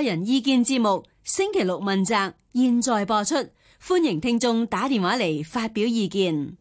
個人意見節目星期六問責，現在播出，歡迎聽眾打電話嚟發表意見。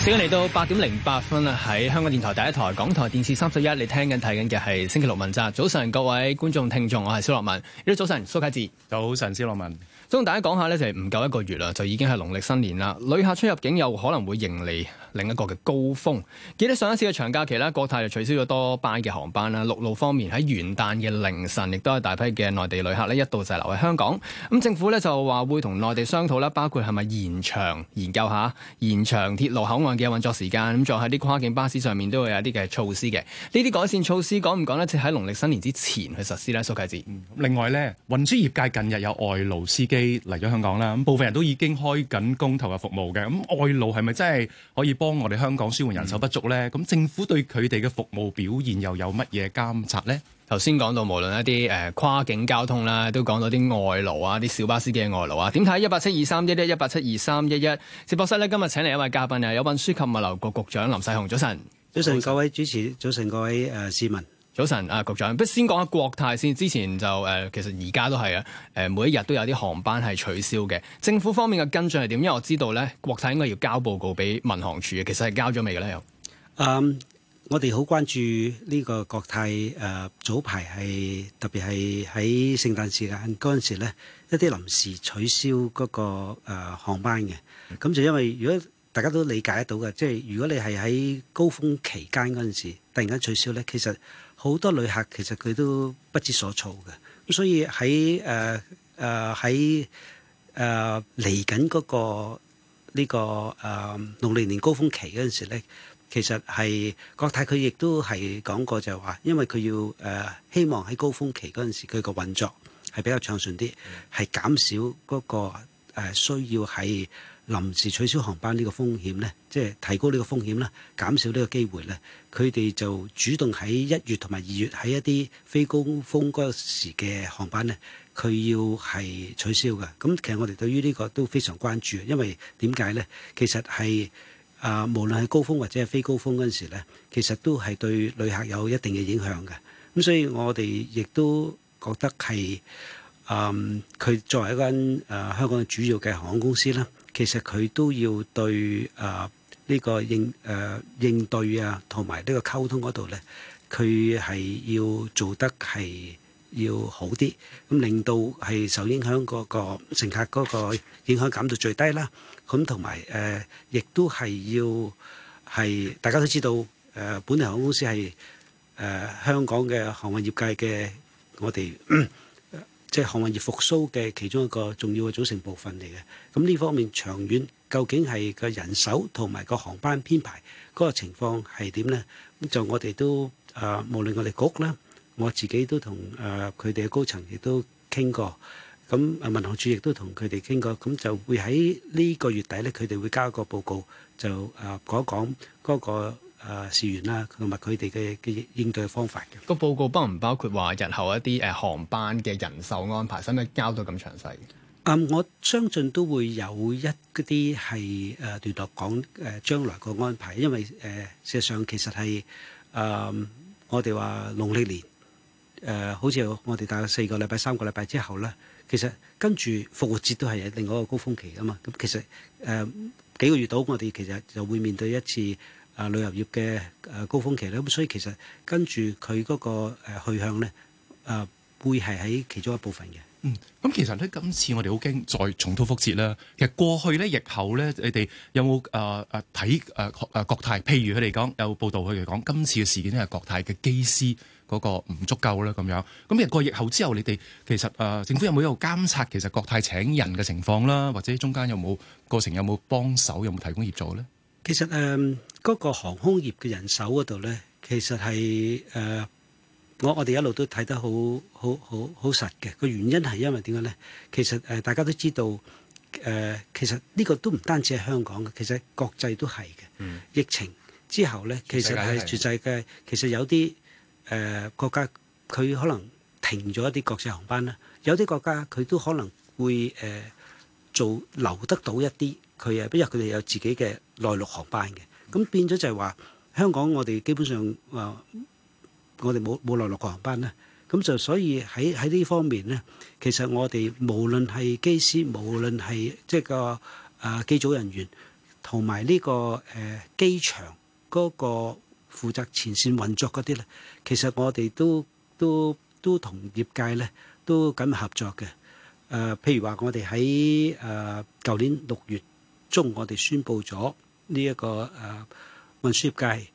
時間嚟到八點零八分啦，喺香港電台第一台、港台電視三十一，你聽緊睇緊嘅係星期六問責。早晨，各位觀眾聽眾，我係蕭樂文。你早晨，蘇啟智。早晨，蕭樂文。咁同大家講下呢就係唔夠一個月啦，就已經係農曆新年啦。旅客出入境又可能會迎嚟另一個嘅高峰。記得上一次嘅長假期啦，國泰就取消咗多班嘅航班啦。陸路方面喺元旦嘅凌晨，亦都有大批嘅內地旅客呢，一度滯留喺香港。咁政府呢就話會同內地商討啦，包括係咪延長研究下延長鐵路口岸嘅運作時間。咁仲有喺啲跨境巴士上面都會有一啲嘅措施嘅。呢啲改善措施講唔講呢？即喺農曆新年之前去實施呢？蘇啟智。另外呢，運輸業界近日有外勞司機。嚟咗香港啦，咁部分人都已經開緊公投嘅服務嘅，咁外勞係咪真係可以幫我哋香港舒緩人手不足呢？咁政府對佢哋嘅服務表現又有乜嘢監察呢？頭先講到無論一啲誒跨境交通啦，都講到啲外勞啊，啲小巴司機嘅外勞啊，點睇？一八七二三一一，一八七二三一一，直播室呢今日請嚟一位嘉賓啊，運輸及物流局局長林世雄。早晨。早晨，各位主持，早晨，各位誒市民。早晨，啊，局長，不如先講下國泰先。之前就誒、呃，其實而家都係啊，誒、呃，每一日都有啲航班係取消嘅。政府方面嘅跟進係點？因為我知道咧，國泰應該要交報告俾民航處，其實係交咗未嘅咧？又、嗯，我哋好關注呢個國泰誒、呃、早排係特別係喺聖誕時間嗰陣時咧，一啲臨時取消嗰、那個、呃、航班嘅。咁就因為如果大家都理解得到嘅，即係如果你係喺高峰期間嗰陣時突然間取消咧，其實好多旅客其實佢都不知所措嘅，咁所以喺誒誒喺誒嚟緊嗰個呢、這個誒農曆年高峰期嗰陣時咧，其實係國泰佢亦都係講過就係話，因為佢要誒、呃、希望喺高峰期嗰陣時佢個運作係比較暢順啲，係減、嗯、少嗰、那個、呃、需要喺。臨時取消航班呢個風險呢，即係提高呢個風險啦，減少呢個機會呢，佢哋就主動喺一月同埋二月喺一啲非高峰嗰時嘅航班呢，佢要係取消嘅。咁其實我哋對於呢個都非常關注，因為點解呢？其實係啊，無論係高峰或者係非高峰嗰陣時咧，其實都係對旅客有一定嘅影響嘅。咁所以我哋亦都覺得係啊，佢、嗯、作為一間誒香港主要嘅航空公司啦。其實佢都要對啊呢、呃這個應誒、呃、應對啊同埋呢個溝通嗰度呢，佢係要做得係要好啲，咁令到係受影響嗰個乘客嗰個影響減到最低啦。咁同埋誒，亦都係要係大家都知道誒、呃，本地航空公司係誒、呃、香港嘅航運業界嘅我哋。 即係航運業復甦嘅其中一個重要嘅組成部分嚟嘅。咁呢方面長遠究竟係個人手同埋個航班編排嗰個情況係點呢？咁就我哋都誒，無論我哋局啦，我自己都同誒佢哋嘅高層亦都傾過。咁民航處亦都同佢哋傾過。咁就會喺呢個月底咧，佢哋會交一個報告，就誒講一講嗰個。誒、呃、事源啦，同埋佢哋嘅嘅應對方法嘅個報告，包唔包括話日後一啲誒航班嘅人手安排，使唔使交到咁詳細？誒、嗯，我相信都會有一啲係誒段落講誒、呃、將來個安排，因為誒，呃、事實上其實係誒、呃、我哋話農曆年誒、呃，好似我哋大概四個禮拜、三個禮拜之後咧，其實跟住復活節都係另外一個高峰期噶嘛。咁其實誒、呃、幾個月到，我哋其實就會面對一次。啊，旅遊業嘅誒高峰期咧，咁所以其實跟住佢嗰個誒去向咧，誒會係喺其中一部分嘅。嗯，咁其實咧，今次我哋好驚再重蹈覆轍啦。其實過去咧疫後咧，你哋有冇誒誒睇誒誒國泰？譬如佢哋講有報道，佢哋講今次嘅事件咧係國泰嘅機師嗰個唔足夠咧咁樣。咁其實過疫後之後，你哋其實誒、呃、政府有冇有監察其實國泰請人嘅情況啦，或者中間有冇過程有冇幫手，有冇提供協助咧？其實誒嗰、呃那個航空業嘅人手嗰度咧，其實係誒、呃、我我哋一路都睇得好好好好實嘅。個原因係因為點解咧？其實誒、呃、大家都知道誒、呃，其實呢個都唔單止係香港嘅，其實國際都係嘅。嗯、疫情之後咧，其實係國際嘅全世界嘅，其實有啲誒、呃、國家佢可能停咗一啲國際航班啦。有啲國家佢都可能會誒、呃、做留得到一啲。佢啊，比如佢哋有自己嘅內陸航班嘅，咁變咗就係話香港我哋基本上啊，我哋冇冇內陸航班啦。咁就，就所以喺喺呢方面咧，其實我哋無論係機師無論係即係個誒機組人員同埋呢個誒機場嗰個負責前線運作嗰啲咧，其實我哋都都都同業界咧都緊密合作嘅。誒、啊、譬如話我哋喺誒舊年六月。中我哋宣布咗呢一個誒運輸業界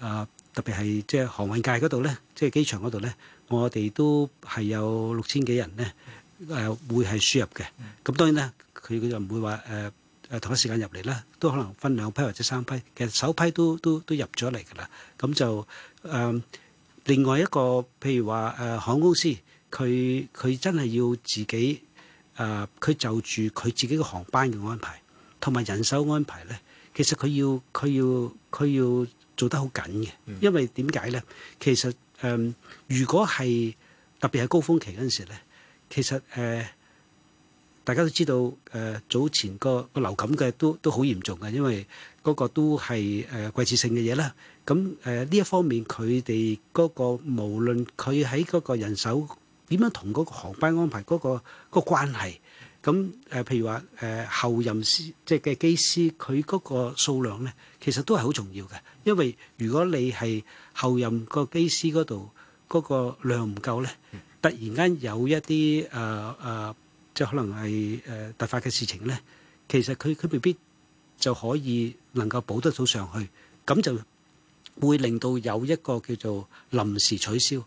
誒特別係即係航運界嗰度咧，即係機場嗰度咧，我哋都係有六千幾人咧誒，會係輸入嘅。咁當然啦，佢佢就唔會話誒誒同一時間入嚟啦，都可能分兩批或者三批。其實首批都都都入咗嚟㗎啦。咁就誒另外一個，譬如話誒航空公司，佢佢真係要自己誒，佢就住佢自己嘅航班嘅安排。同埋人手安排咧，其實佢要佢要佢要做得好緊嘅，因為點解咧？其實誒、呃，如果係特別係高峰期嗰陣時咧，其實誒、呃，大家都知道誒、呃，早前、嗰個流感嘅都都好嚴重嘅，因為嗰個都係誒、呃、季節性嘅嘢啦。咁誒呢一方面，佢哋嗰個無論佢喺嗰個人手點樣同嗰個航班安排嗰、嗰個、嗰個嗰個關係。咁誒、呃，譬如話誒、呃，後任司即係嘅機師，佢嗰個數量咧，其實都係好重要嘅。因為如果你係後任個機師嗰度嗰個量唔夠咧，突然間有一啲誒誒，即係可能係誒、呃、突發嘅事情咧，其實佢佢未必就可以能夠補得到上去，咁就會令到有一個叫做臨時取消。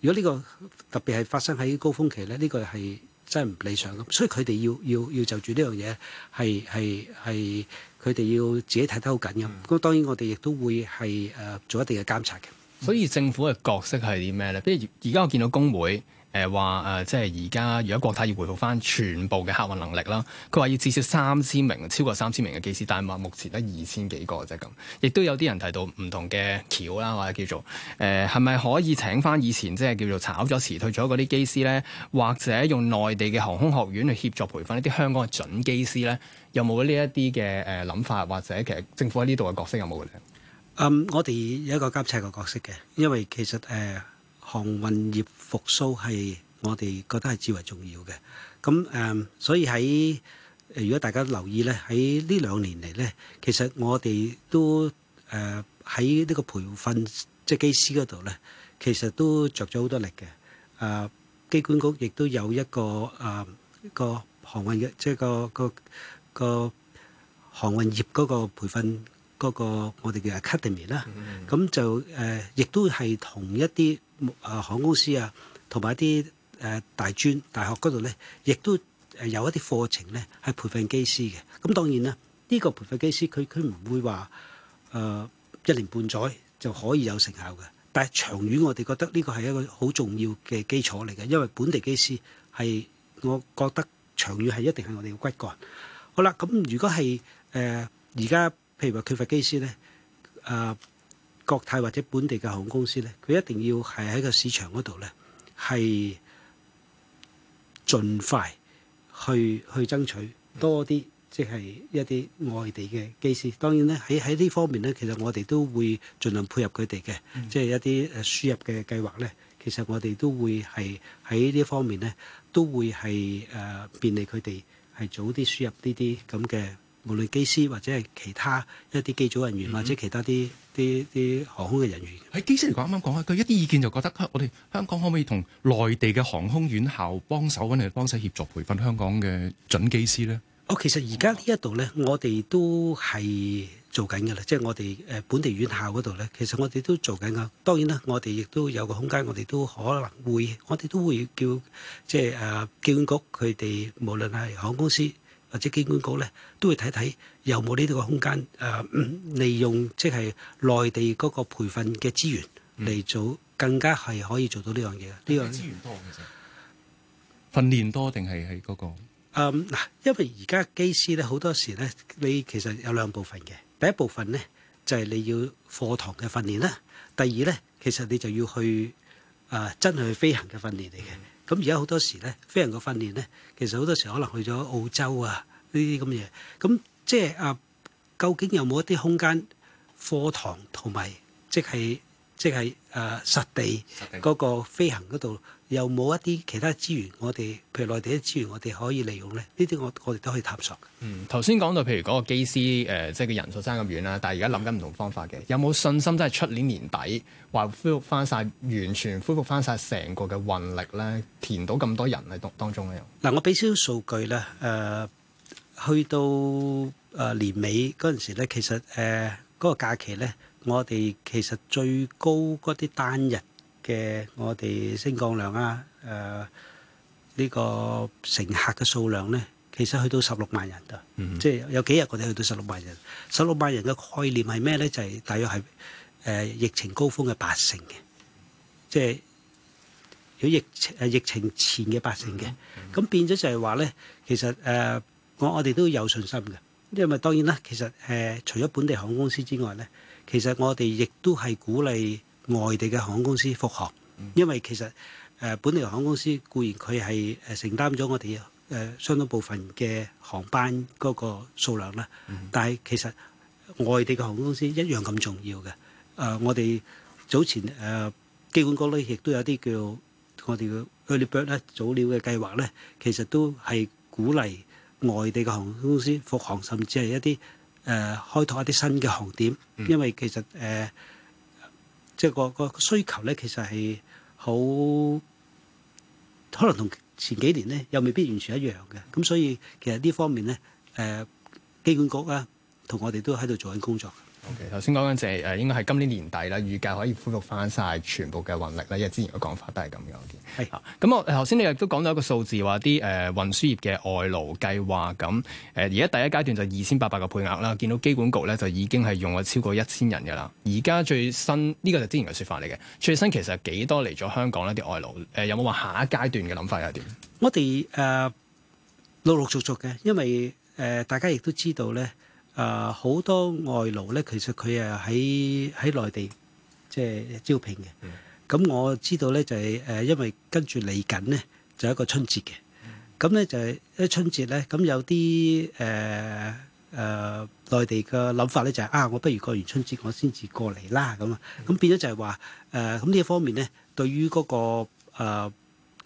如果呢個特別係發生喺高峰期咧，呢、呢個係。真係唔理想咁，所以佢哋要要要就住呢樣嘢，係係係佢哋要自己睇得好緊嘅。咁、嗯、當然我哋亦都會係誒、呃、做一定嘅監察嘅。所以政府嘅角色係啲咩咧？譬如而家我見到工會，誒話誒，即係而家如果國泰要回復翻全部嘅客運能力啦，佢話要至少三千名，超過三千名嘅機師，但係目前得二千幾個啫，咁亦都有啲人提到唔同嘅橋啦，或者叫做誒，係咪可以請翻以前即係叫做炒咗辭退咗嗰啲機師咧，或者用內地嘅航空學院去協助培訓一啲香港嘅準機師咧？有冇呢一啲嘅誒諗法？或者其實政府喺呢度嘅角色有冇嘅咧？Um, 我哋有一個急切嘅角色嘅，因為其實誒。Uh 航運業復蘇係我哋覺得係至為重要嘅，咁誒，所以喺誒，如果大家留意咧，喺呢兩年嚟咧，其實我哋都誒喺呢個培訓即係機師嗰度咧，其實都著咗好多力嘅。誒，機管局亦都有一個誒個航運嘅即係個個個航運業嗰個培訓嗰個我哋叫 academy 啦，咁就誒亦都係同一啲。誒航空公司啊，同埋一啲誒大專大學嗰度咧，亦都誒有一啲課程咧，係培訓機師嘅。咁當然啦，呢個培訓機師佢佢唔會話誒一年半載就可以有成效嘅。但係長遠，我哋覺得呢個係一個好重要嘅基礎嚟嘅，因為本地機師係我覺得長遠係一定係我哋嘅骨幹。好啦，咁如果係誒而家譬如話缺乏機師咧，啊～國泰或者本地嘅航空公司咧，佢一定要係喺個市場嗰度咧，係盡快去去爭取多啲，即係一啲外地嘅機師。當然咧，喺喺呢方面咧，其實我哋都會盡量配合佢哋嘅，即係、嗯、一啲輸入嘅計劃咧。其實我哋都會係喺呢方面咧，都會係誒、呃、便利佢哋係早啲輸入呢啲咁嘅。無論機師或者係其他一啲機組人員，嗯、哼或者其他啲啲啲航空嘅人員，喺機師嚟講，啱啱講啊，佢一啲意見就覺得，我哋香港可唔可以同內地嘅航空院校幫手揾嚟幫手協助培訓香港嘅準機師咧？哦，其實而家呢一度咧，嗯、我哋都係做緊㗎喇，即係我哋誒本地院校嗰度咧，其實我哋都做緊噶。當然啦，我哋亦都有個空間，我哋都可能會，我哋都會叫即係誒機管局佢哋，無論係航空公司。或者機管局咧都會睇睇有冇呢個空間誒利用，即係內地嗰個培訓嘅資源嚟做、嗯、更加係可以做到呢樣嘢。呢個資源多其實訓練多定係喺嗰個？嗱、嗯，因為而家機師咧好多時咧，你其實有兩部分嘅。第一部分咧就係、是、你要課堂嘅訓練啦。第二咧其實你就要去誒、呃、真係去飛行嘅訓練嚟嘅。咁而家好多時咧，飛行嘅訓練咧，其實好多時可能去咗澳洲啊，呢啲咁嘅嘢。咁即係啊，究竟有冇一啲空間、課堂同埋，即係？即係誒、呃、實地嗰個飛行嗰度，有冇一啲其他資源我哋，譬如內地嘅資源，我哋可以利用咧？呢啲我我哋都可以探索。嗯，頭先講到譬如嗰個機師、呃、即係個人數爭咁遠啦，但係而家諗緊唔同方法嘅，有冇信心真係出年年底話恢復翻晒，完全恢復翻晒成個嘅運力咧？填到咁多人喺當當中咧？嗱、嗯，我俾少少數據咧，誒、呃、去到誒、呃、年尾嗰陣時咧，其實誒嗰、呃嗰個假期咧。我哋其實最高嗰啲單日嘅我哋升降量啊，誒、呃、呢、呢個乘客嘅數量咧，其實去到十六萬人啊，mm hmm. 即係有幾日我哋去到十六萬人。十六萬人嘅概念係咩咧？就係、是、大約係誒、呃、疫情高峰嘅八成嘅，即係如果疫誒疫情前嘅八成嘅。咁、mm hmm. 變咗就係話咧，其實誒、呃、我我哋都有信心嘅，因為當然啦，其實誒、呃、除咗本地航空公司之外咧。其實我哋亦都係鼓勵外地嘅航空公司復航，因為其實誒本地航空公司固然佢係承擔咗我哋誒相當部分嘅航班嗰個數量啦，但係其實外地嘅航空公司一樣咁重要嘅。誒我哋早前誒機管局咧亦都有啲叫我哋嘅 Early Bird 咧，早鳥嘅計劃咧，其實都係鼓勵外地嘅航空公司復航，甚至係一啲。誒、呃、開拓一啲新嘅航點，因為其實誒、呃、即係個個需求咧，其實係好可能同前幾年咧又未必完全一樣嘅，咁所以其實呢方面咧誒機管局啊，同我哋都喺度做緊工作。頭先講緊就係誒，應該係今年年底啦，預計可以恢復翻晒全部嘅運力啦。因為之前嘅講法都係咁樣。係、okay? 啊是，咁我頭先你亦都講到一個數字，話啲誒運輸業嘅外勞計劃咁誒，而家、呃、第一階段就二千八百個配額啦。見到機管局咧，就已經係用咗超過一千人嘅啦。而家最新呢、這個就之前嘅說法嚟嘅，最新其實幾多嚟咗香港咧？啲外勞誒、呃、有冇話下一階段嘅諗法又係點？我哋誒、uh, 陸陸續續嘅，因為誒、uh, 大家亦都知道咧。啊！好、呃、多外勞咧，其實佢啊喺喺內地即係招聘嘅。咁、嗯嗯、我知道咧就係、是、誒，因為跟住嚟緊咧就一個春節嘅。咁咧、嗯嗯嗯、就係、是、一春節咧，咁有啲誒誒內地嘅諗法咧就係、是、啊，我不如過完春節我先至過嚟啦咁啊。咁、嗯嗯、變咗就係話誒，咁呢一方面咧，對於嗰個誒嗰個。呃呃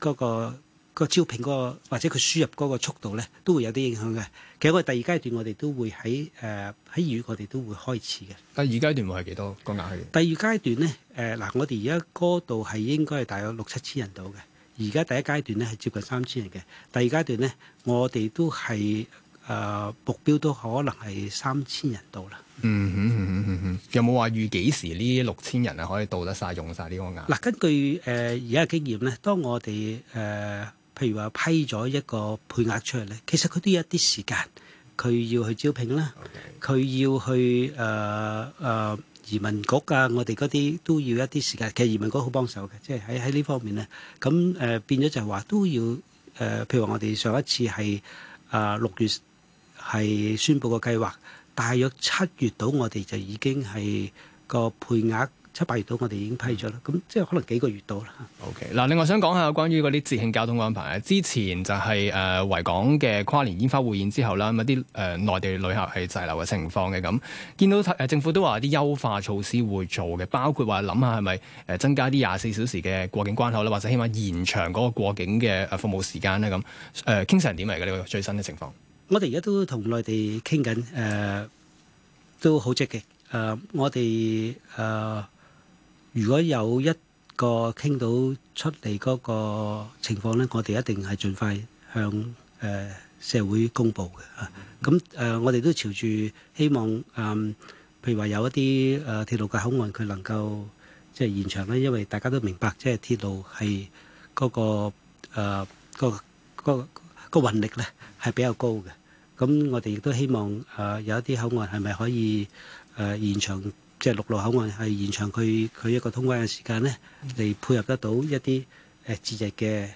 那個個招聘嗰個或者佢輸入嗰個速度咧，都會有啲影響嘅。其實我第二階段我哋都會喺誒喺粵我哋都會開始嘅、呃。第二階段會係幾多個額氣？第二階段咧誒嗱，我哋而家嗰度係應該係大約六七千人度嘅。而家第一階段咧係接近三千人嘅。第二階段咧，我哋都係誒目標都可能係三千人度啦。嗯嗯嗯嗯嗯有冇話預幾時呢？六千人係可以到得晒用晒呢個額？嗱、嗯，根據誒而家經驗咧，當我哋誒。呃呃呃譬如話批咗一個配額出嚟咧，其實佢都有一啲時間，佢要去招聘啦，佢 Okay. 要去誒誒、呃呃、移民局啊，我哋嗰啲都要一啲時間。其實移民局好幫手嘅，即係喺喺呢方面咧，咁誒、呃、變咗就係話都要誒，譬、呃、如話我哋上一次係啊六月係宣布個計劃，大約七月度，我哋就已經係個配額。七八月度我哋已經批咗啦，咁的即係可能幾個月到啦。O K，嗱，另外想講下關於嗰啲節慶交通安排啊。之前就係、是、誒、呃、維港嘅跨年煙花匯演之後啦，咁一啲誒內地旅客係滯留嘅情況嘅咁，見到、呃、政府都話啲優化措施會做嘅，包括話諗下係咪誒增加啲廿四小時嘅過境關口啦，或者起碼延長嗰個過境嘅服務時間咧咁。誒傾、呃、成點嚟嘅呢個最新嘅情況？我哋而家都同內地傾緊，誒、呃、都好積極。誒、呃，我哋誒。呃如果有一個傾到出嚟嗰個情況咧，我哋一定係盡快向誒、呃、社會公佈嘅嚇。咁、啊、誒、呃，我哋都朝住希望誒、嗯，譬如話有一啲誒、呃、鐵路嘅口岸，佢能夠即係延長咧，因為大家都明白，即係鐵路係嗰、那個誒、呃、個個個、個運力咧係比較高嘅。咁、嗯、我哋亦都希望誒、呃、有一啲口岸係咪可以誒延長？呃即係陸路口岸係延長佢佢一個通關嘅時間咧，嚟、嗯、配合得到一啲誒節日嘅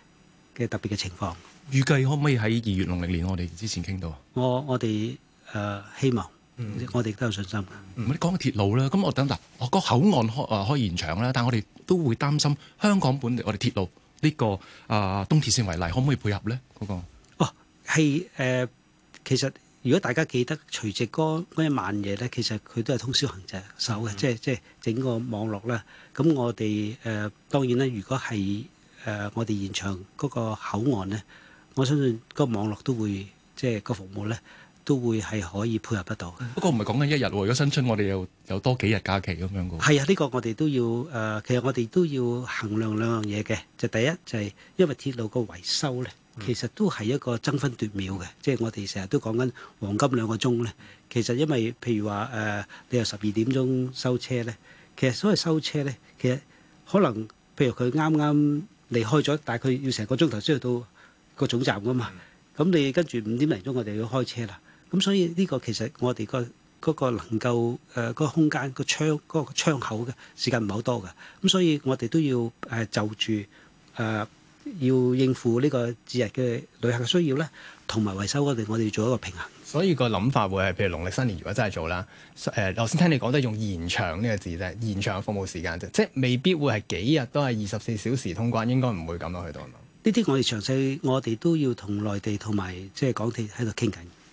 嘅特別嘅情況。預計可唔可以喺二月農曆年我我？我哋之前傾到。我我哋誒希望，嗯、我哋都有信心。唔你講個鐵路啦，咁我等嗱，我講口岸開誒開延長啦，但係我哋都會擔心香港本地我哋鐵路呢、這個啊東鐵線為例，可唔可以配合咧？嗰、那個哦係誒、呃，其實。如果大家記得除夕嗰一晚夜咧，其實佢都係通宵行就守嘅，即係即係整個網絡咧。咁我哋誒、呃、當然咧，如果係誒、呃、我哋現場嗰個口岸咧，我相信個網絡都會即係個服務咧，都會係可以配合得到。不過唔係講緊一日喎，如果新春我哋又有多幾日假期咁樣嘅。係啊，呢、這個我哋都要誒、呃，其實我哋都要衡量兩樣嘢嘅，就第一就係、是、因為鐵路個維修咧。嗯、其實都係一個爭分奪秒嘅，即、就、係、是、我哋成日都講緊黃金兩個鐘咧。其實因為譬如話誒、呃，你有十二點鐘收車咧，其實所謂收車咧，其實可能譬如佢啱啱離開咗，大概要成個鐘頭先去到個總站噶嘛。咁、嗯、你跟住五點零鐘我哋要開車啦。咁所以呢個其實我哋個嗰個能夠誒、呃個空間、個窗、個窗口嘅時間唔係好多嘅。咁所以我哋都要誒、呃、就住誒。呃要應付呢個節日嘅旅客需要咧，同埋維修嗰度，我哋要做一個平衡。所以個諗法會係譬如農曆新年，如果真係做啦，誒、呃，頭先聽你講都係用延長呢個字啫，延長服務時間啫，即係未必會係幾日都係二十四小時通關，應該唔會咁樣，去到。呢啲我哋詳細，我哋都要同內地同埋即係港鐵喺度傾緊。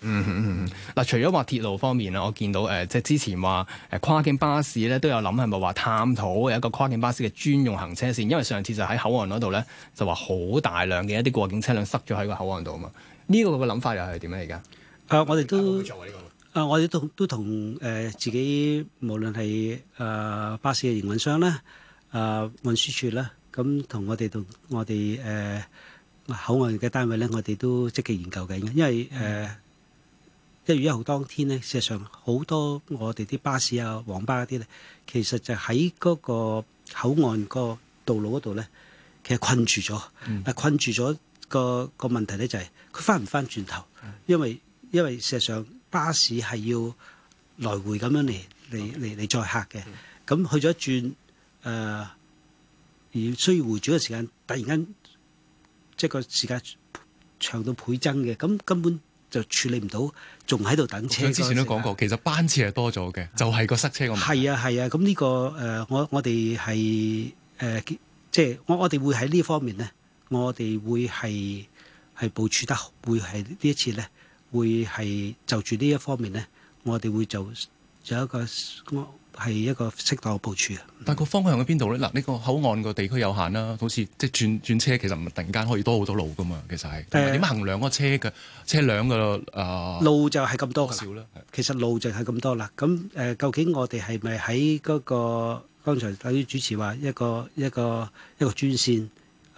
嗯嗯嗯，嗱、嗯啊，除咗話鐵路方面啦，我見到誒，即、呃、係之前話誒跨境巴士咧都有諗係咪話探討有一個跨境巴士嘅專用行車線，因為上次就喺口岸嗰度咧就話好大量嘅一啲過境車輛塞咗喺個口岸度啊嘛，呢、這個嘅諗法又係點咧而家？誒、呃，我哋都做呢個。誒、啊，我哋都都同誒自己無論係誒巴士嘅營運商啦、誒運輸署啦，咁同我哋同我哋誒、呃、口岸嘅單位咧，我哋都積極研究緊，因為誒。呃嗯即係一號當天咧，事實上好多我哋啲巴士啊、黃巴啲咧，其實就喺嗰個口岸個道路嗰度咧，其實困住咗。啊、嗯，困住咗個個問題咧、就是，就係佢返唔返轉頭，的因為因為事實上巴士係要來回咁樣嚟嚟嚟嚟載客嘅。咁、嗯、去咗一轉，誒而需要回轉嘅時間，突然間即係、就是、個時間長到倍增嘅，咁根本。就處理唔到，仲喺度等車。我之前都講過，其實班次係多咗嘅，就係、係、個塞車個問題。係啊係啊，咁呢、啊呢個誒、呃，我我哋係誒，即係我我哋會喺呢方面咧，我哋會係係部署得好，會係呢一次咧，會係就住呢一方面咧，我哋會做有一個。係一個適當嘅部署啊！但個方向喺邊度咧？嗱、啊，呢個口岸個地區有限啦，好似即係轉轉車，其實唔係突然間可以多好多路噶嘛。其實係點樣衡量嗰車嘅車輛嘅誒？呃、路就係咁多，多少啦。是其實路就係咁多啦。咁誒、呃，究竟我哋係咪喺嗰個？剛才有啲主持話一個一個一個，一個專線。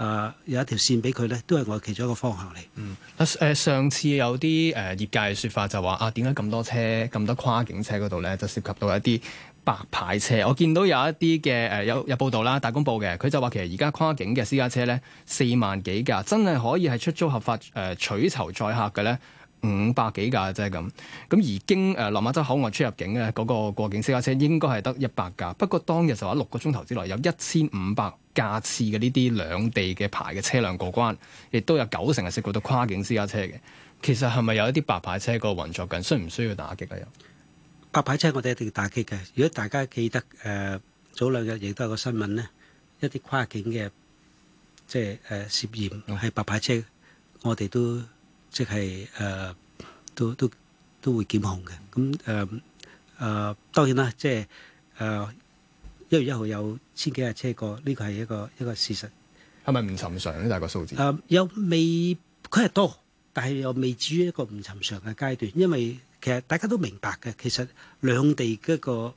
誒、啊、有一條線俾佢咧，都係我其中一個方向嚟。嗯，誒上次有啲誒、呃、業界嘅說法就話啊，點解咁多車、咁多跨境車嗰度咧，就涉及到一啲白牌車？我見到有一啲嘅誒有有報道啦，大公報嘅，佢就話其實而家跨境嘅私家車咧，四萬幾架，真係可以係出租合法誒、呃、取酬載客嘅咧。五百幾架啫咁，咁而經誒落馬洲口岸出入境嘅嗰、那個過境私家車應該係得一百架。不過當日就話六個鐘頭之內有一千五百架次嘅呢啲兩地嘅牌嘅車輛過關，亦都有九成係涉及到跨境私家車嘅。其實係咪有一啲白牌車個運作緊？需唔需要打擊啊？又白牌車我哋一定要打擊嘅。如果大家記得誒、呃、早兩日亦都有個新聞呢，一啲跨境嘅即係誒涉嫌係白牌車，嗯、我哋都。即係誒、呃，都都都會檢控嘅。咁誒誒，當然啦，即係誒一月一號有千幾架車過，呢個係一個一個事實。係咪唔尋常咧？大個數字？誒、呃，有未佢係多，但係又未至於一個唔尋常嘅階段。因為其實大家都明白嘅，其實兩地嘅一個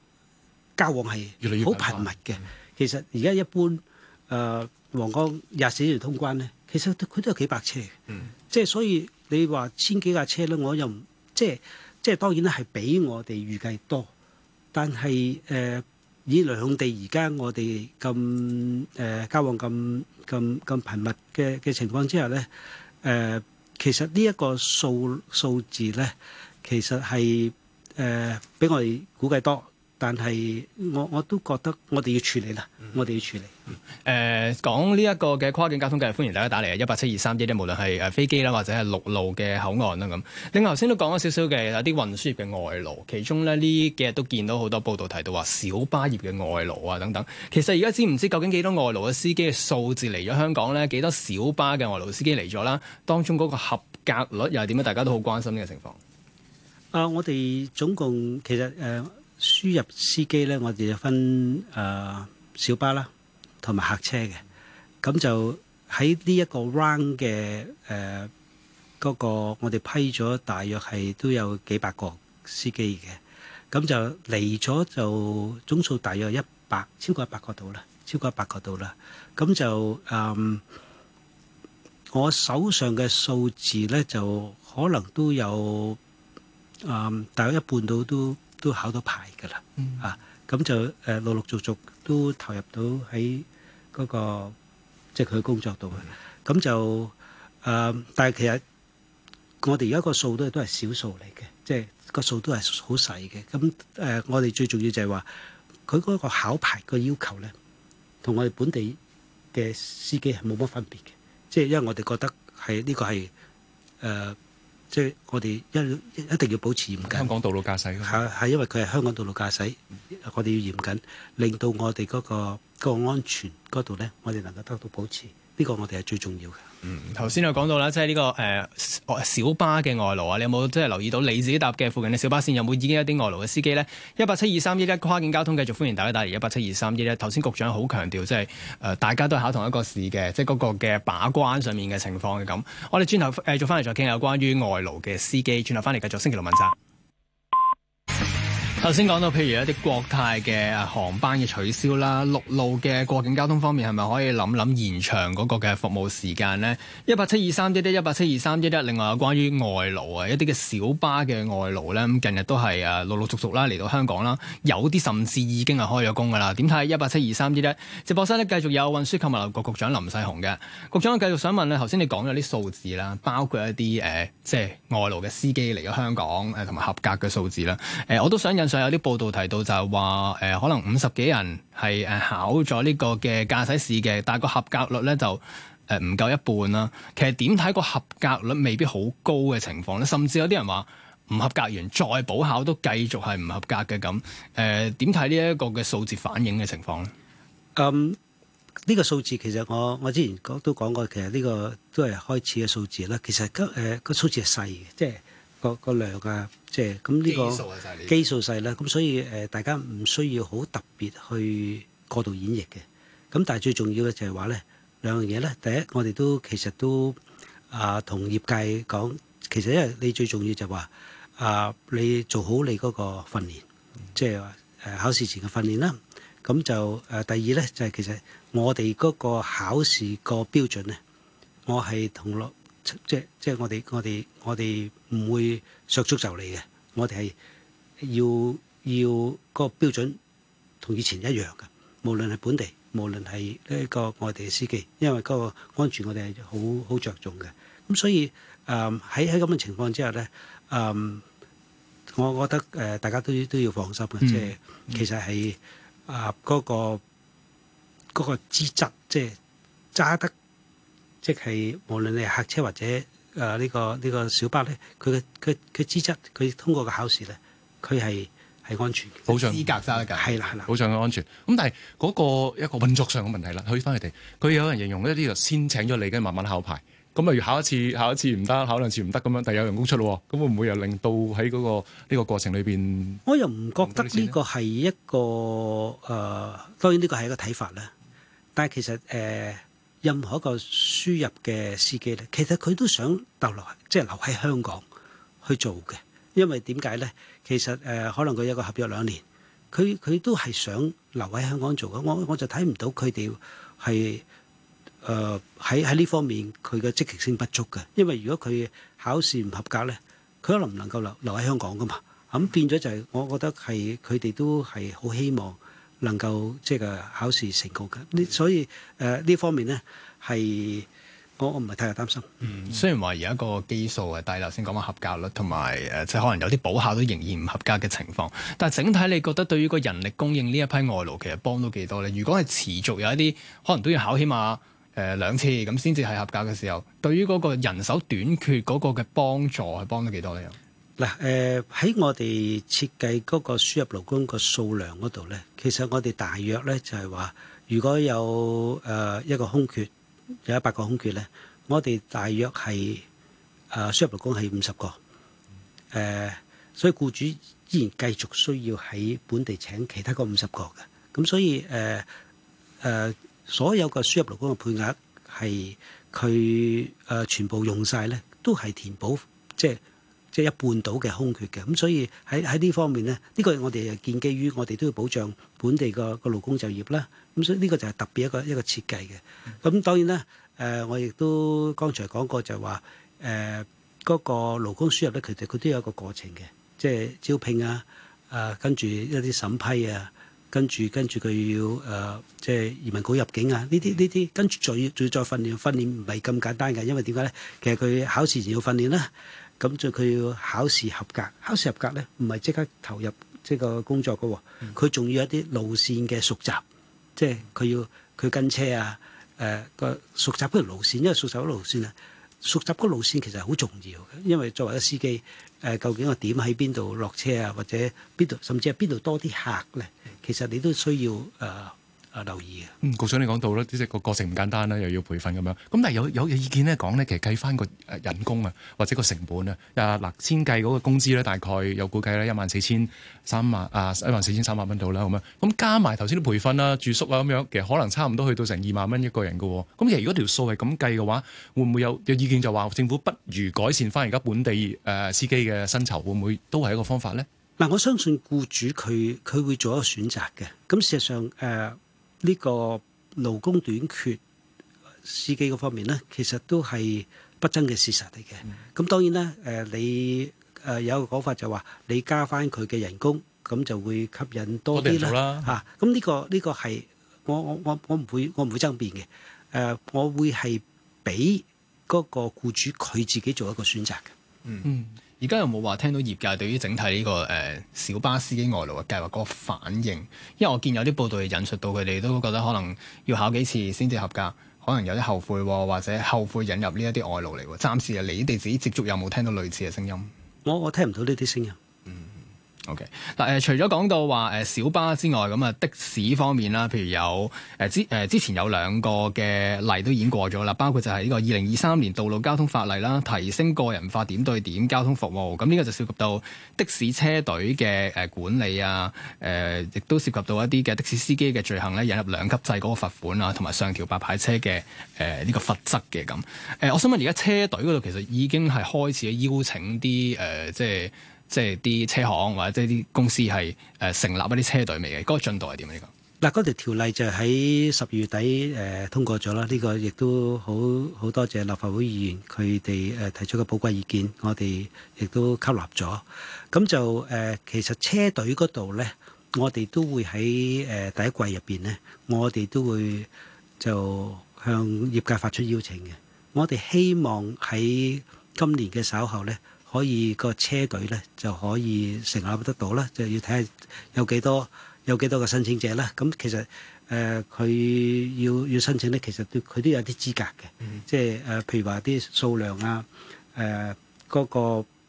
交往係好頻密嘅、嗯呃。其實而家一般誒皇崗廿四小時通關咧，其實佢都有幾百車。嗯，即係所以。你話千幾架車咧，我又唔，即即當然咧係比我哋預計多，但係誒、呃、以兩地而家我哋咁誒交往咁咁咁頻密嘅嘅情況之下咧，誒其實呢一個數數字咧，其實係誒、呃、比我哋估計多。但係我我都覺得我哋要處理啦，嗯、我哋要處理。誒講呢一個嘅跨境交通嘅，歡迎大家打嚟啊！一八七二三一一，無論係誒飛機啦，或者係陸路嘅口岸啦，咁。你頭先都講咗少少嘅有啲運輸業嘅外勞，其中咧呢幾日都見到好多報道提到話小巴業嘅外勞啊等等。其實而家知唔知究竟幾多外勞嘅司機嘅數字嚟咗香港咧？幾多小巴嘅外勞司機嚟咗啦？當中嗰個合格率又係點樣？大家都好關心呢個情況。啊、呃，我哋總共其實誒。呃呃輸入司機咧，我哋就分誒、呃、小巴啦，同埋客車嘅，咁就喺呢一個 round 嘅誒嗰個，我哋批咗大約係都有幾百個司機嘅，咁就嚟咗就總數大約一百超過一百個度啦，超過一百個度啦。咁就誒、嗯、我手上嘅數字咧，就可能都有誒、嗯、大約一半度都。都考到牌㗎喇，mm hmm. 啊咁就誒、呃、陸陸續續都投入到喺嗰、那個即係佢工作度嘅，咁、mm hmm. 就啊、呃、但係其實我哋而家個數都都係少數嚟嘅，即係個數都係好細嘅。咁、呃、誒我哋最重要就係話佢嗰個考牌個要求咧，同我哋本地嘅司機係冇乜分別嘅，即、就、係、是、因為我哋覺得係呢個係誒。呃即係我哋一一定要保持嚴謹。香港道路駕駛係係因為佢係香港道路駕駛，我哋要嚴謹，令到我哋嗰個個安全嗰度咧，我哋能夠得到保持。呢個我哋係最重要嘅。嗯，頭先就講到啦，即係呢、這個誒、呃、小巴嘅外勞啊，你有冇即係留意到你自己搭嘅附近嘅小巴線有冇已經有啲外勞嘅司機咧？一八七二三一咧，跨境交通繼續歡迎大家打嚟一八七二三一咧。頭先局長好強調，即係誒、呃、大家都係考同一個試嘅，即係嗰個嘅把關上面嘅情況嘅咁。我哋轉頭誒做翻嚟再傾下關於外勞嘅司機，轉頭翻嚟繼續星期六問責。頭先講到譬如一啲國泰嘅航班嘅取消啦，陸路嘅過境交通方面係咪可以諗諗延長嗰個嘅服務時間呢？一八七二三一一一八七二三一一，另外有關於外勞啊，一啲嘅小巴嘅外勞呢，咁近日都係誒陸陸續續啦嚟到香港啦，有啲甚至已經係開咗工噶啦。點睇一八七二三一一？直播室呢，繼續有運輸及物流局局長林世雄嘅局長咧，繼續想問呢，頭先你講咗啲數字啦，包括一啲誒、呃、即係外勞嘅司機嚟咗香港同埋、呃、合格嘅數字啦，誒、呃、我都想引。就有啲報道提到就係話誒，可能五十幾人係誒考咗呢個嘅駕駛試嘅，但係個合格率咧就誒唔夠一半啦。其實點睇個合格率未必好高嘅情況咧，甚至有啲人話唔合格完再補考都繼續係唔合格嘅咁。誒點睇呢一個嘅數字反映嘅情況咧？咁呢、嗯呢個數字其實我我之前都講過，其實呢個都係開始嘅數字啦。其實個誒個數字係細嘅，即係。個個量啊，即係咁呢個基數細啦、這個，咁所以誒、呃，大家唔需要好特別去過度演繹嘅。咁但係最重要嘅就係話咧兩樣嘢咧，第一我哋都其實都啊同、呃、業界講，其實因為你最重要就係話啊，你做好你嗰個訓練，嗯、即係、呃、考試前嘅訓練啦。咁就誒、呃、第二咧，就係、是、其實我哋嗰個考試個標準咧，我係同落。即即我哋我哋我哋唔會削足就嚟嘅，我哋係要要個標準同以前一樣嘅，無論係本地，無論係呢個外地嘅司機，因為嗰個安全我哋係好好著重嘅。咁所以誒喺喺咁嘅情況之下咧，嗯，我覺得誒大家都都要放心嘅，即係其實係啊嗰個嗰個資質即係揸得。即係無論你係客車或者誒呢、呃呢個呢、呢個小巴咧，佢嘅佢佢資質，佢通過嘅考試咧，佢係係安全嘅保障資格揸得係啦，係啦，保障嘅安全。咁但係嗰、嗰個一個運作上嘅問題啦，去翻佢哋，佢有人形容咧呢度先請咗你嘅慢慢考牌，咁啊考一次考一次唔得，考兩次唔得咁樣就，但有人工出咯，咁會唔會又令到喺嗰、嗰個呢、呢個過程裏邊？我又唔覺得呢個係一個誒、呃，當然呢個係一個睇法啦，但係其實誒。呃任何一個輸入嘅司機咧，其實佢都想逗留，即係留喺香港去做嘅。因為點解咧？其實誒，可能佢有個合約兩年，佢佢都係想留喺香港做嘅。我我就睇唔到佢哋係誒喺喺呢方面佢嘅積極性不足嘅。因為如果佢考試唔合格咧，佢可能唔能夠留留喺香港噶嘛。咁變咗就係，我覺得係佢哋都係好希望。能夠即係考試成功嘅，所以誒呢、呃、方面咧係我我唔係太係擔心。嗯，雖然話而家個基數係低啦，先講話合格率同埋誒，即係可能有啲補考都仍然唔合格嘅情況。但係整體你覺得對於個人力供應呢一批外勞，其實幫到幾多咧？如果係持續有一啲可能都要考，起碼誒兩次咁先至係合格嘅時候，對於嗰個人手短缺嗰個嘅幫助係幫到幾多咧？嗱，誒喺、呃、我哋設計嗰個輸入勞工個數量嗰度咧，其實我哋大約咧就係話，如果有誒、呃、一個空缺，有一百個空缺咧，我哋大約係誒、呃、輸入勞工係五十個，誒、呃，所以僱主依然繼續需要喺本地請其他嗰五十個嘅，咁所以誒誒、呃呃、所有嘅輸入勞工嘅配額係佢誒全部用晒咧，都係填補即係，即係即係一半到嘅空缺嘅，咁、嗯、所以喺喺呢方面咧，呢、這個我哋係建基於我哋都要保障本地個個勞工就業啦。咁、嗯、所以呢個就係特別一個一個設計嘅。咁、嗯、當然啦，誒、呃、我亦都剛才講過就係話誒嗰個勞工輸入咧，其實佢都有一個過程嘅，即係招聘啊，誒跟住一啲審批啊，跟住跟住佢要誒即係移民局入境啊，呢啲呢啲跟住再再再訓練訓練唔係咁簡單嘅，因為點解咧？其實佢考試前要訓練啦。咁就佢要考試合格，考試合格咧，唔係即刻投入即個工作㗎喎，佢仲、嗯、要一啲路線嘅熟習，即係佢要佢跟車啊，誒、呃、個熟習嗰條路線，因為熟習嗰條路線啊，熟習嗰條路線其實好重要嘅，因為作為一司機誒、呃，究竟我點喺邊度落車啊，或者邊度，甚至係邊度多啲客咧，其實你都需要誒。呃留意嘅。嗯，局長你講到咧，啲即係個過程唔簡單啦，又要培訓咁樣。咁但係有有，有意見咧講咧，其實計翻個人工啊，或者個成本啊，嗱、呃呃呃，先計嗰個工資咧，大概有估計咧一萬四千三萬啊，一、呃、萬四千三百蚊到啦咁樣。咁加埋頭先啲培訓啦、住宿啊咁樣，其實可能差唔多去到成二萬蚊一個人嘅。咁、呃、其實如果條數係咁計嘅話，會唔會有有意見就話政府不如改善翻而家本地誒、呃、司機嘅薪酬，會唔會都係一個方法咧？嗱、呃，我相信僱主佢佢會做一個選擇嘅。咁事實上誒。呢個勞工短缺、司機嗰方面咧，其實都係不爭嘅事實嚟嘅。咁、嗯、當然啦，誒、呃、你誒、呃、有一個講法就話，你加翻佢嘅人工，咁就會吸引多啲啦。嚇！咁呢、啊呢個呢、呢個係我我我我唔會我唔會爭辯嘅。誒、呃，我會係俾嗰個僱主佢自己做一個選擇嘅。嗯。嗯。而家有冇話聽到業界對於整體呢個誒、呃、小巴司機外勞嘅計劃嗰個反應？因為我見有啲報道引述到佢哋都覺得可能要考幾次先至合格，可能有啲後悔或者後悔引入呢一啲外勞嚟喎。暫時啊，你哋自己接觸有冇聽到類似嘅聲音？我我聽唔到呢啲聲音。OK，嗱、呃、誒，除咗講到話誒小巴之外，咁、嗯、啊的士方面啦，譬如有誒之誒之前有兩個嘅例都已經過咗啦，包括就係呢個二零二三年道路交通法例啦，提升個人化點對點交通服務，咁、嗯、呢、這個就涉及到的士車隊嘅誒管理啊，誒、呃呃、亦都涉及到一啲嘅的，的士司機嘅罪行咧，引入兩級制嗰個罰款啊，同埋上調白牌車嘅誒呢個罰則嘅咁。誒、呃，我想問而家車隊嗰度其實已經係開始邀請啲誒、呃、即係。即係啲車行或者即係啲公司係誒成立一啲車隊未嘅？嗰、那個進度係點啊？呢個嗱，嗰條條例就喺十二月底誒、呃、通過咗啦。呢、這個亦都好好多謝立法會議員佢哋誒提出嘅寶貴意見，我哋亦都吸納咗。咁就誒、呃、其實車隊嗰度咧，我哋都會喺誒第一季入邊咧，我哋都會就向業界發出邀請嘅。我哋希望喺今年嘅稍後咧。可以個車隊咧就可以成立得到啦，就要睇下有幾多有幾多個申請者咧。咁其實誒佢要要申請咧，其實都佢都有啲資格嘅，即係誒譬如話啲數量啊、誒嗰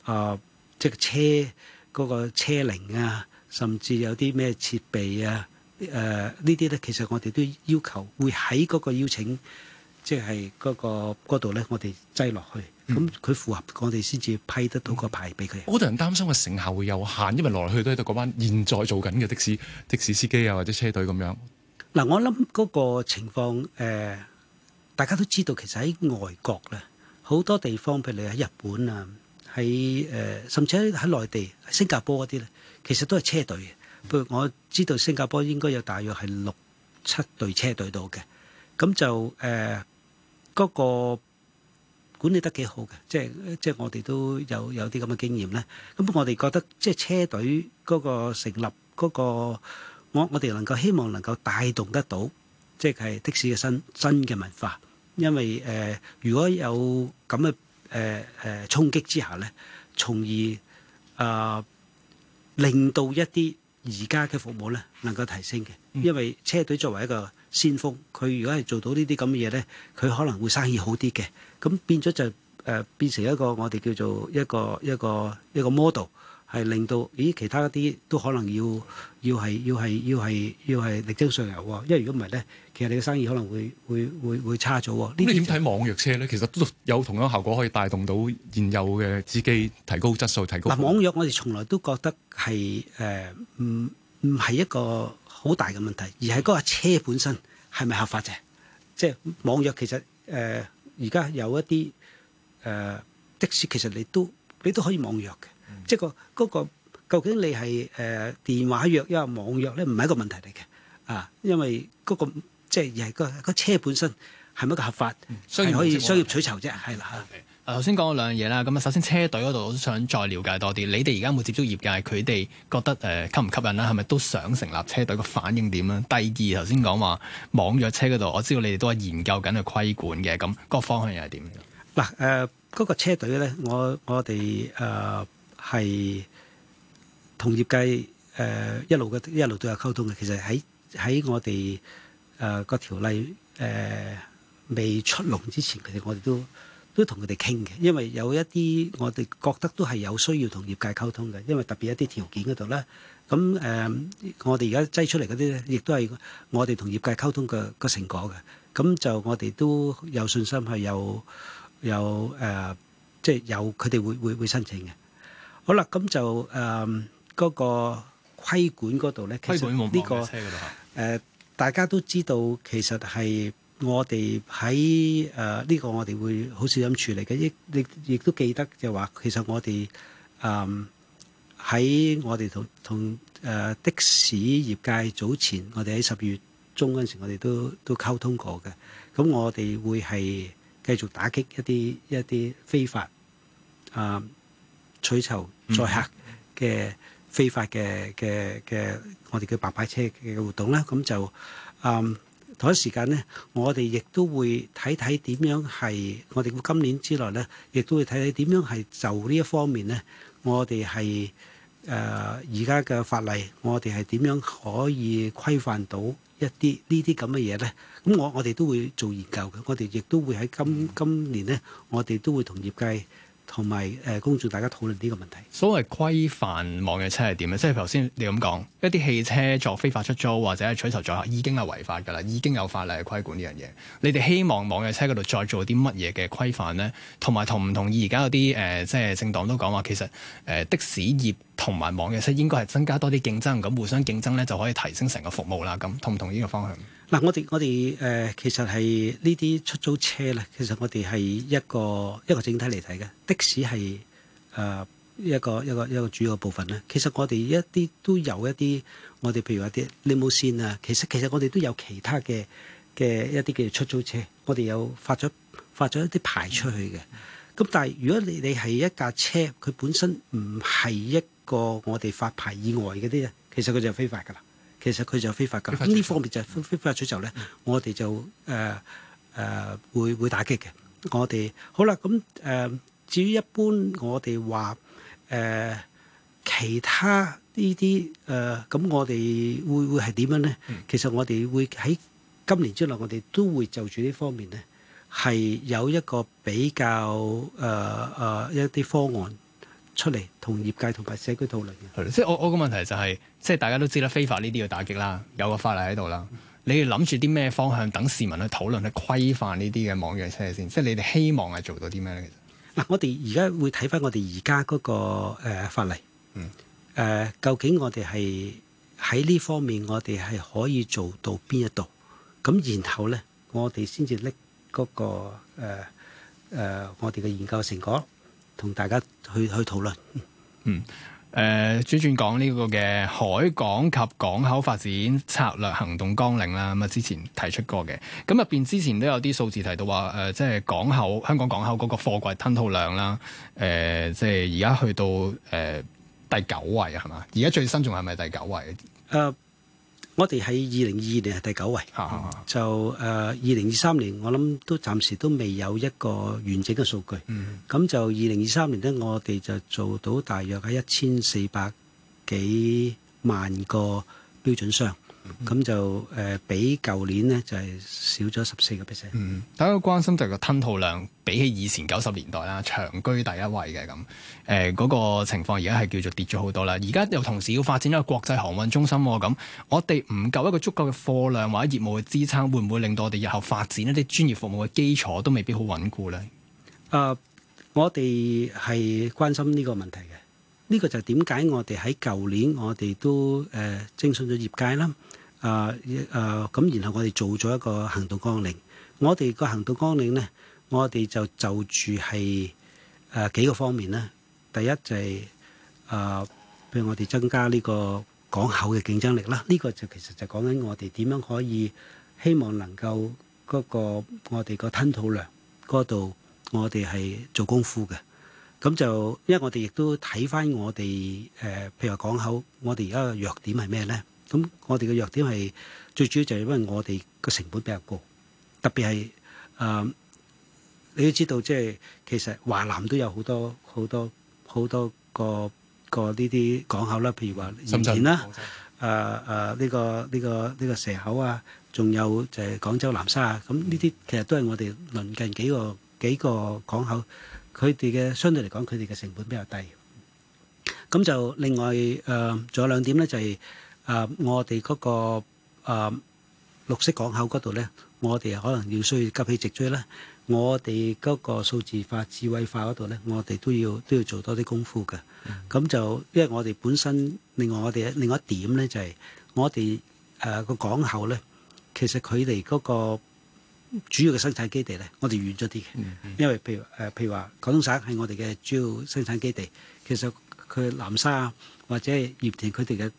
個誒即係車嗰個車齡啊，甚至有啲咩設備啊、誒呢啲咧，其實我哋都要求會喺嗰個邀請，即係嗰個嗰度咧，我哋擠落去。咁佢符合我哋先至批得到個牌俾佢。好多人擔心個成效會有限，因為來來去去都係得嗰班現在做緊嘅的士的士司機啊，或者車隊咁樣。嗱，我諗嗰個情況，誒大家都知道，其實喺外國咧，好多地方，譬如你喺日本啊，喺誒，甚至喺喺內地、新加坡嗰啲咧，其實都係車隊嘅。譬如我知道新加坡應該有大約係六七隊車隊到嘅。咁就誒嗰個。管理得幾好嘅，即係即係我哋都有有啲咁嘅經驗咧。咁我哋覺得即係車隊嗰個成立嗰個，我我哋能夠希望能夠帶動得到，即係的士嘅新新嘅文化。因為誒、呃、如果有咁嘅誒誒衝擊之下咧，從而誒、呃、令到一啲而家嘅服務咧能夠提升嘅。因為車隊作為一個先鋒，佢如果係做到呢啲咁嘅嘢咧，佢可能會生意好啲嘅。咁變咗就誒、呃、變成一個我哋叫做一個一個一個 model，係令到咦其他一啲都可能要要係要係要係要係力爭上游喎。因為如果唔係咧，其實你嘅生意可能會會會會差咗喎。就是、呢啲點睇網約車咧？其實都有同樣效果可以帶動到現有嘅司機提高質素，提高。嗱，網約我哋從來都覺得係誒唔唔係一個好大嘅問題，而係嗰架車本身係咪合法啫？即係網約其實誒。呃而家有一啲誒、呃、的士，其實你都你都可以網約嘅，嗯、即係、嗰個嗰究竟你係誒電話約抑或網約咧，唔係一個問題嚟嘅啊，因為嗰、嗰個即係而係個、嗰個車本身係咪一個合法，係、嗯、可以商業取酬啫，係啦。頭先講咗兩樣嘢啦，咁啊，首先車隊嗰度我都想再了解多啲。你哋而家冇接觸業界，佢哋覺得誒、呃、吸唔吸引啦？係咪都想成立車隊？個反應點咧？第二頭先講話網約車嗰度，我知道你哋都係研究緊嘅規管嘅，咁個方向又係點？嗱誒、呃，嗰、嗰個車隊咧，我我哋誒係同業界誒、呃、一路一路都有溝通嘅。其實喺喺我哋誒、呃個條例誒、呃、未出籠之前，其實我哋都。都同佢哋傾嘅，因為有一啲我哋覺得都係有需要同業界溝通嘅，因為特別一啲條件嗰度咧，咁誒、呃、我哋而家擠出嚟嗰啲咧，亦都係我哋同業界溝通嘅個成果嘅。咁就我哋都有信心係有有誒、呃，即係有佢哋會會會申請嘅。好啦，咁就誒嗰、呃嗰個規管嗰度咧，其實呢規管、呢個誒、呃、大家都知道其實係。我哋喺誒呢個我哋會好少咁處理嘅，亦亦亦都記得就話，其實我哋誒喺我哋同同誒、呃、的士業界早前，我哋喺十二月中嗰陣時，我哋都都溝通過嘅。咁我哋會係繼續打擊一啲一啲非法誒、呃、取酬載客嘅非法嘅嘅嘅我哋嘅白牌車嘅活動啦。咁就誒。呃同一時間咧，我哋亦都會睇睇點樣係我哋今年之內咧，亦都會睇睇點樣係就呢一方面咧，我哋係誒而家嘅法例，我哋係點樣可以規範到一啲呢啲咁嘅嘢咧？咁我我哋都會做研究嘅，我哋亦都會喺今今年咧，我哋都會同業界。同埋誒，公眾、呃、大家討論呢個問題。所謂規範網約車係點咧？即係頭先你咁講一啲汽車作非法出租或者取酬載客已經係違法㗎啦，已經有法例去規管呢樣嘢。你哋希望網約車嗰度再做啲乜嘢嘅規範咧？同埋同唔同意而家有啲誒，即係政黨都講話其實誒、呃、的士業同埋網約車應該係增加多啲競爭，咁互相競爭咧就可以提升成個服務啦。咁同唔同意呢個方向？嗱，我哋我哋誒、呃，其實係呢啲出租車咧，其實我哋係一個一個整體嚟睇嘅。的士係誒、呃、一個一個一個主要嘅部分咧。其實我哋一啲都有一啲，我哋譬如話一啲 limousine 啊，其實其實我哋都有其他嘅嘅一啲叫出租車，我哋有發咗發咗一啲牌出去嘅。咁但係如果你你係一架車，佢本身唔係一個我哋發牌以外嗰啲啊，其實佢就非法噶啦。其實佢就非法嘅，咁呢方面就非法取酬咧，嗯、我哋就誒誒、呃呃、會會打擊嘅。我哋好啦，咁誒、呃、至於一般我哋話誒其他、呃、呢啲誒，咁我哋會會係點樣咧？其實我哋會喺今年之內，我哋都會就住呢方面咧，係有一個比較誒誒、呃呃、一啲方案。出嚟同業界同埋社區討論嘅，係即係我我個問題就係、是，即係大家都知啦，非法呢啲要打擊啦，有個法例喺度啦，你哋諗住啲咩方向等市民去討論去規範呢啲嘅網約車先，即係你哋希望係做到啲咩咧？其實嗱，我哋而家會睇翻我哋而家嗰個、呃、法例，嗯，誒、呃、究竟我哋係喺呢方面我哋係可以做到邊一度？咁然後咧，我哋先至拎嗰個誒、呃呃、我哋嘅研究成果。同大家去去討論。嗯，誒、呃，轉轉講呢個嘅海港及港口發展策略行動綱領啦，咁啊之前提出過嘅。咁入邊之前都有啲數字提到話，誒、呃，即係港口香港港口嗰個貨櫃吞吐量啦。誒、呃，即係而家去到誒第九位啊係嘛？而家最新仲係咪第九位？誒。我哋喺二零二二年係第九位， 就誒二零二三年，我諗都暫時都未有一個完整嘅數據。咁 就二零二三年呢，我哋就做到大約喺一千四百幾萬個標準箱。咁、嗯、就誒、呃，比舊年呢，就係、是、少咗十四個 percent。嗯，大家關心就係個吞吐量比起以前九十年代啦，長居第一位嘅咁。誒，嗰、呃那個情況而家係叫做跌咗好多啦。而家又同時要發展一個國際航運中心，咁我哋唔夠一個足夠嘅貨量或者業務嘅支撐，會唔會令到我哋日後發展一啲專業服務嘅基礎都未必好穩固咧？誒、呃，我哋係關心呢個問題嘅。呢、這個就係點解我哋喺舊年我哋都誒徵詢咗業界啦。啊！誒咁、呃呃，然後我哋做咗一個行動綱領。我哋個行動綱領咧，我哋就就住係誒、呃、幾個方面咧。第一就係、是、誒，譬、呃、如我哋增加呢個港口嘅競爭力啦。呢、這個就其實就講緊我哋點樣可以希望能夠嗰、那個我哋個吞吐量嗰度，我哋係做功夫嘅。咁就因為我哋亦都睇返我哋誒、呃，譬如話港口，我哋而家嘅弱點係咩咧？咁我哋嘅弱點係最主要就係因為我哋個成本比較高，特別係誒、呃，你都知道即係其實華南都有好多好多好多個個呢啲港口啦，譬如話深圳啦、誒誒呢個呢、呢個呢、呢個蛇口啊，仲有就係廣州南沙啊，咁呢啲其實都係我哋鄰近幾個幾個港口，佢哋嘅相對嚟講，佢哋嘅成本比較低。咁就另外誒，仲、呃、有兩點咧、就係，就係。啊！Uh, 我哋嗰、那個啊、uh, 綠色港口嗰度咧，我哋可能要需要急起直追啦。我哋嗰個數字化、智慧化嗰度咧，我哋都要都要做多啲功夫嘅。咁、mm hmm. 就因為我哋本身，另外我哋另外一點咧，就係、是、我哋誒個港口咧，其實距離嗰個主要嘅生產基地咧，我哋遠咗啲嘅。Mm hmm. 因為譬如誒、呃，譬如話廣東省係我哋嘅主要生產基地，其實佢南沙或者鹽田佢哋嘅。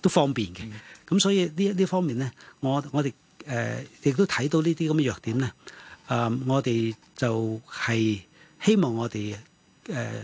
都方便嘅，咁所以呢一呢方面咧，我我哋誒、呃、亦都睇到呢啲咁嘅弱點咧，啊、呃，我哋就係希望我哋誒、呃、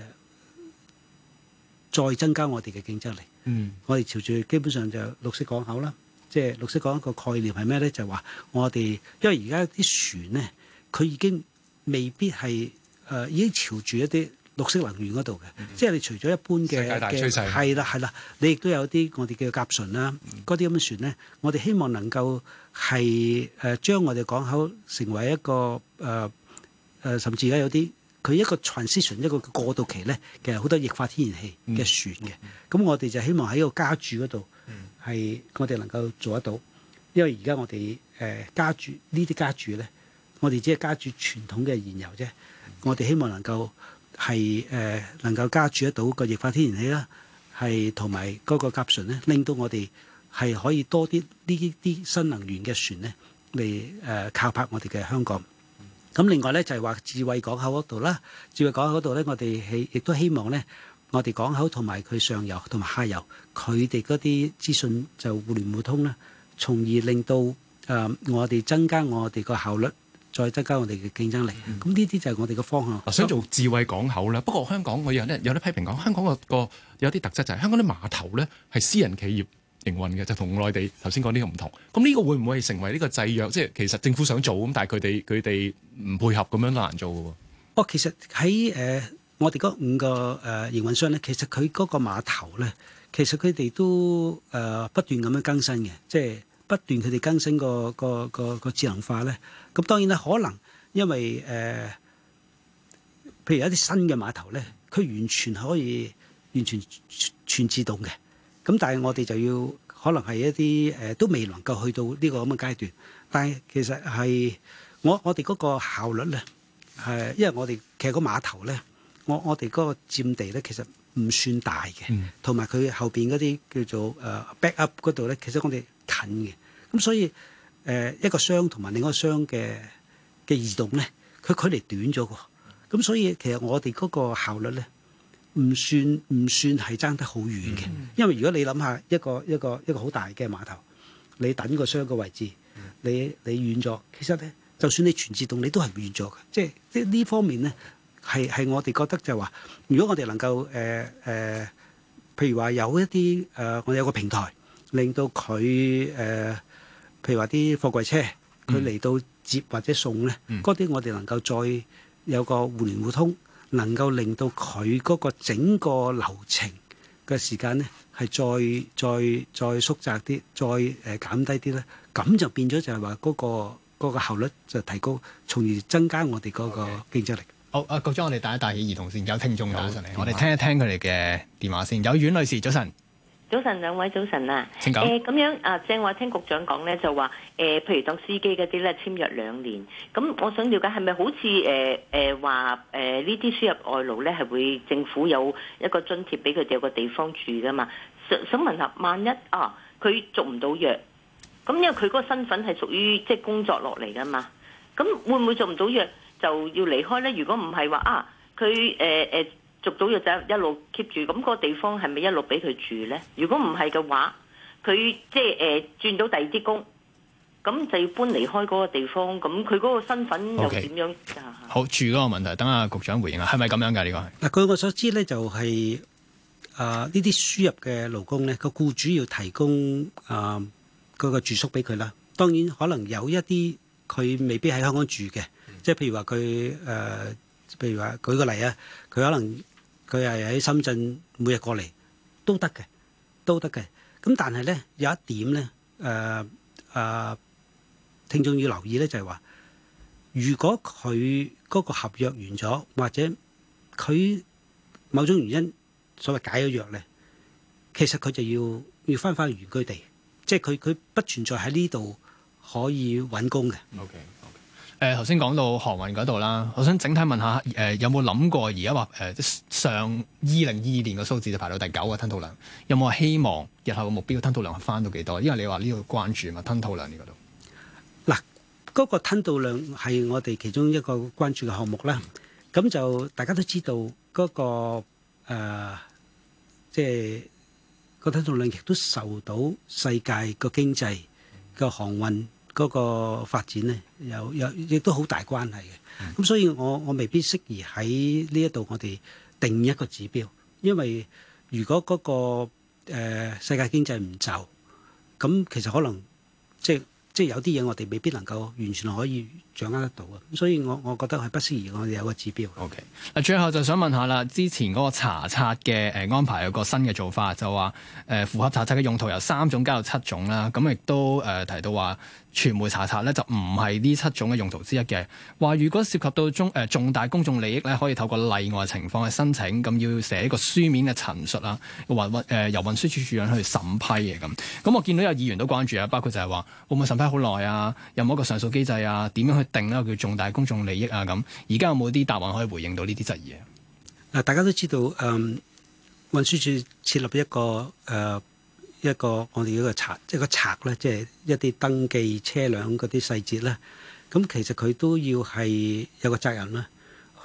再增加我哋嘅競爭力。嗯，我哋朝住基本上就綠色港口啦，即、就、係、是、綠色港口個概念係咩咧？就話、是、我哋因為而家啲船咧，佢已經未必係誒、呃、已經朝住一啲。綠色能源嗰度嘅，mm hmm. 即係你除咗一般嘅，係啦係啦，你亦都有啲我哋叫甲醇啦，嗰啲咁嘅船咧，我哋希望能夠係誒、呃、將我哋港口成為一個誒誒、呃呃、甚至而家有啲佢一個 transition 一個過渡期咧，其實好多液化天然氣嘅船嘅，咁、mm hmm. 我哋就希望喺個加注嗰度係我哋能夠做得到，因為而家我哋誒、呃、加，加注呢啲加注咧，我哋只係加注傳統嘅燃油啫，mm hmm. 我哋希望能夠。係誒能夠加注得到個液化天然氣啦，係同埋嗰個甲醇咧，令到我哋係可以多啲呢啲新能源嘅船咧嚟誒靠泊我哋嘅香港。咁另外咧就係話智慧港口嗰度啦，智慧港口嗰度咧我哋係亦都希望咧，我哋港口同埋佢上游同埋下游佢哋嗰啲資訊就互聯互通啦，從而令到誒我哋增加我哋個效率，再增加我哋嘅競爭力，咁呢啲就係我哋嘅方向。想做智慧港口啦，不過香港我有啲人有啲批評講香港個有啲特質就係香港啲碼頭咧係私人企業營運嘅，就同內地頭先講呢個唔同。咁呢個會唔會成為呢個制約？即係其實政府想做咁，但係佢哋佢哋唔配合咁樣都難做嘅喎。哦、呃，其實喺誒我哋嗰五個誒營運商咧，其實佢嗰個碼頭咧，其實佢哋都誒不斷咁樣更新嘅，即係不斷佢哋更新個個個智能化咧。咁當然啦，可能因為誒、呃，譬如一啲新嘅碼頭咧，佢完全可以完全全自動嘅。咁但係我哋就要可能係一啲誒、呃，都未能夠去到呢個咁嘅階段。但係其實係我我哋嗰個效率咧，係、呃、因為我哋其實個碼頭咧，我我哋嗰個佔地咧，其實唔算大嘅，同埋佢後邊嗰啲叫做誒、呃、back up 嗰度咧，其實我哋近嘅，咁、嗯、所以。誒一個箱同埋另一個箱嘅嘅移動咧，佢距離短咗喎。咁所以其實我哋嗰個效率咧，唔算唔算係爭得好遠嘅。因為如果你諗下一個一個一個好大嘅碼頭，你等個箱嘅位置，你你遠咗。其實咧，就算你全自動，你都係遠咗嘅。即係即係呢方面咧，係係我哋覺得就係話，如果我哋能夠誒誒，譬如話有一啲誒、呃，我哋有個平台令到佢誒。呃譬如話啲貨櫃車，佢嚟到接或者送咧，嗰啲我哋能夠再有個互聯互通，能夠令到佢嗰個整個流程嘅時間咧係再再再縮窄啲，再誒減低啲咧，咁就變咗就係話嗰個嗰個效率就提高，從而增加我哋嗰個競爭力。好啊，局長，我哋帶一帶起兒童線，有聽眾打上嚟，我哋聽一聽佢哋嘅電話先。有阮女士，早晨。早晨，兩位早晨啊！誒咁講樣啊，正話聽局長講咧，就話誒，譬如當司機嗰啲咧簽約兩年。咁我想了解係咪好似誒誒話誒呢啲輸入外勞咧係會政府有一個津貼俾佢哋有個地方住噶嘛？想想問下，萬一啊，佢續唔到約，咁因為佢嗰個身份係屬於即係工作落嚟噶嘛？咁會唔會做唔到約就要離開咧？如果唔係話啊，佢誒誒。呃呃逐到又就一路 keep 住，咁、那、嗰個地方係咪一路俾佢住呢？如果唔係嘅話，佢即係誒、呃、轉到第二啲工，咁就要搬離開嗰個地方，咁佢嗰個身份又點樣？Okay. 好住嗰個問題，等阿局長回應啊，係咪咁樣㗎？呢個嗱，據我所知呢就係啊呢啲輸入嘅勞工呢，個僱主要提供啊嗰個住宿俾佢啦。當然可能有一啲佢未必喺香港住嘅，即係、嗯、譬如話佢誒，譬如話舉個例啊，佢可能。佢係喺深圳每日過嚟都得嘅，都得嘅。咁但係咧有一點咧，誒、呃、誒、呃，聽眾要留意咧，就係話，如果佢嗰個合約完咗，或者佢某種原因所謂解咗約咧，其實佢就要要翻返原居地，即係佢佢不存在喺呢度可以揾工嘅。Okay. 誒，頭先講到航運嗰度啦，我想整體問下，誒、呃、有冇諗過而家話誒上二零二二年個數字就排到第九個吞吐量，有冇希望日後嘅目標吞吐量翻到幾多？因為你話呢個關注嘛，吞吐量呢個度嗱，嗰、那個吞吐量係我哋其中一個關注嘅項目啦。咁、嗯、就大家都知道嗰、那個誒、呃，即係、那個吞吐量亦都受到世界個經濟嘅航運。嗯嗯嗰個發展咧，有有亦都好大關係嘅。咁所以我我未必適宜喺呢一度我哋定一個指標，因為如果嗰、那個誒、呃、世界經濟唔就，咁其實可能即係即係有啲嘢我哋未必能夠完全可以。掌握得到啊，所以我我覺得係不適宜，我哋有個指標。O K. 嗱，最後就想問下啦，之前嗰個查冊嘅誒安排有個新嘅做法，就話誒、呃、符合查冊嘅用途由三種加到七種啦，咁、啊、亦都誒、呃、提到話傳媒查冊咧就唔係呢七種嘅用途之一嘅。話，如果涉及到中誒重大公眾利益咧，可以透過例外情況嘅申請，咁要寫一個書面嘅陳述啊，或誒、呃、由運輸處處長去審批嘅咁。咁、嗯、我見到有議員都關注啊，包括就係話會唔會審批好耐啊？有冇一個上訴機制啊？點樣去？一定啦，叫重大公眾利益啊咁。而家有冇啲答案可以回應到呢啲質疑啊？嗱，大家都知道，嗯，運輸署設立一個誒、呃、一個我哋個冊，即係個冊咧，即係一啲登記車輛嗰啲細節咧。咁其實佢都要係有個責任啦，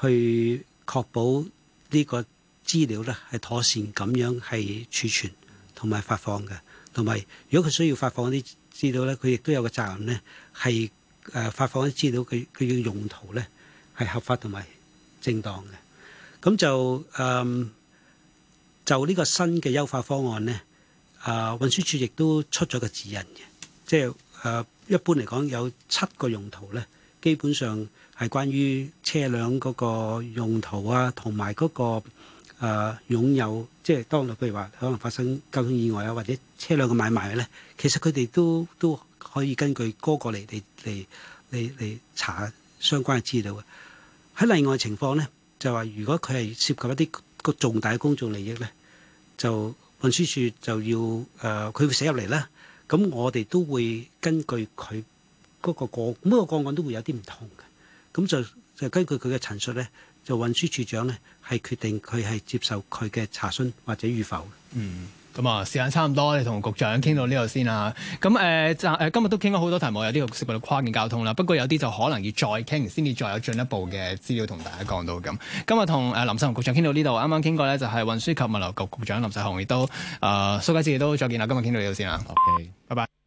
去確保呢個資料咧係妥善咁樣係儲存同埋發放嘅。同埋如果佢需要發放啲資料咧，佢亦都有個責任咧係。誒、啊、發放嘅資料，佢佢嘅用途咧係合法同埋正當嘅。咁就誒、嗯、就呢個新嘅優化方案咧，啊運輸署亦都出咗個指引嘅，即係誒一般嚟講有七個用途咧，基本上係關於車輛嗰個用途啊，同埋嗰個誒、啊、擁有，即係當譬如話可能發生交通意外啊或者，車輛嘅買賣咧，其實佢哋都都可以根據嗰個嚟嚟嚟嚟查相關嘅資料嘅。喺例外情況咧，就話如果佢係涉及一啲個重大嘅公眾利益咧，就運輸署就要誒，佢、呃、會寫入嚟啦。咁我哋都會根據佢嗰、那個、個個每個個案都會有啲唔同嘅。咁就就根據佢嘅陳述咧，就運輸署長咧係決定佢係接受佢嘅查詢或者與否。嗯。咁啊、嗯，時間差唔多，你同局長傾到呢度先啦。咁誒就今日都傾咗好多題目，有啲嘅涉及跨境交通啦。不過有啲就可能要再傾，先至再有進一步嘅資料同大家講到咁、嗯。今日同誒林世雄局長傾到剛剛呢度，啱啱傾過咧就係、是、運輸及物流局局，局長林世雄，亦都誒、呃、蘇家志亦都再見啦。今日傾到呢度先啦。OK，拜拜。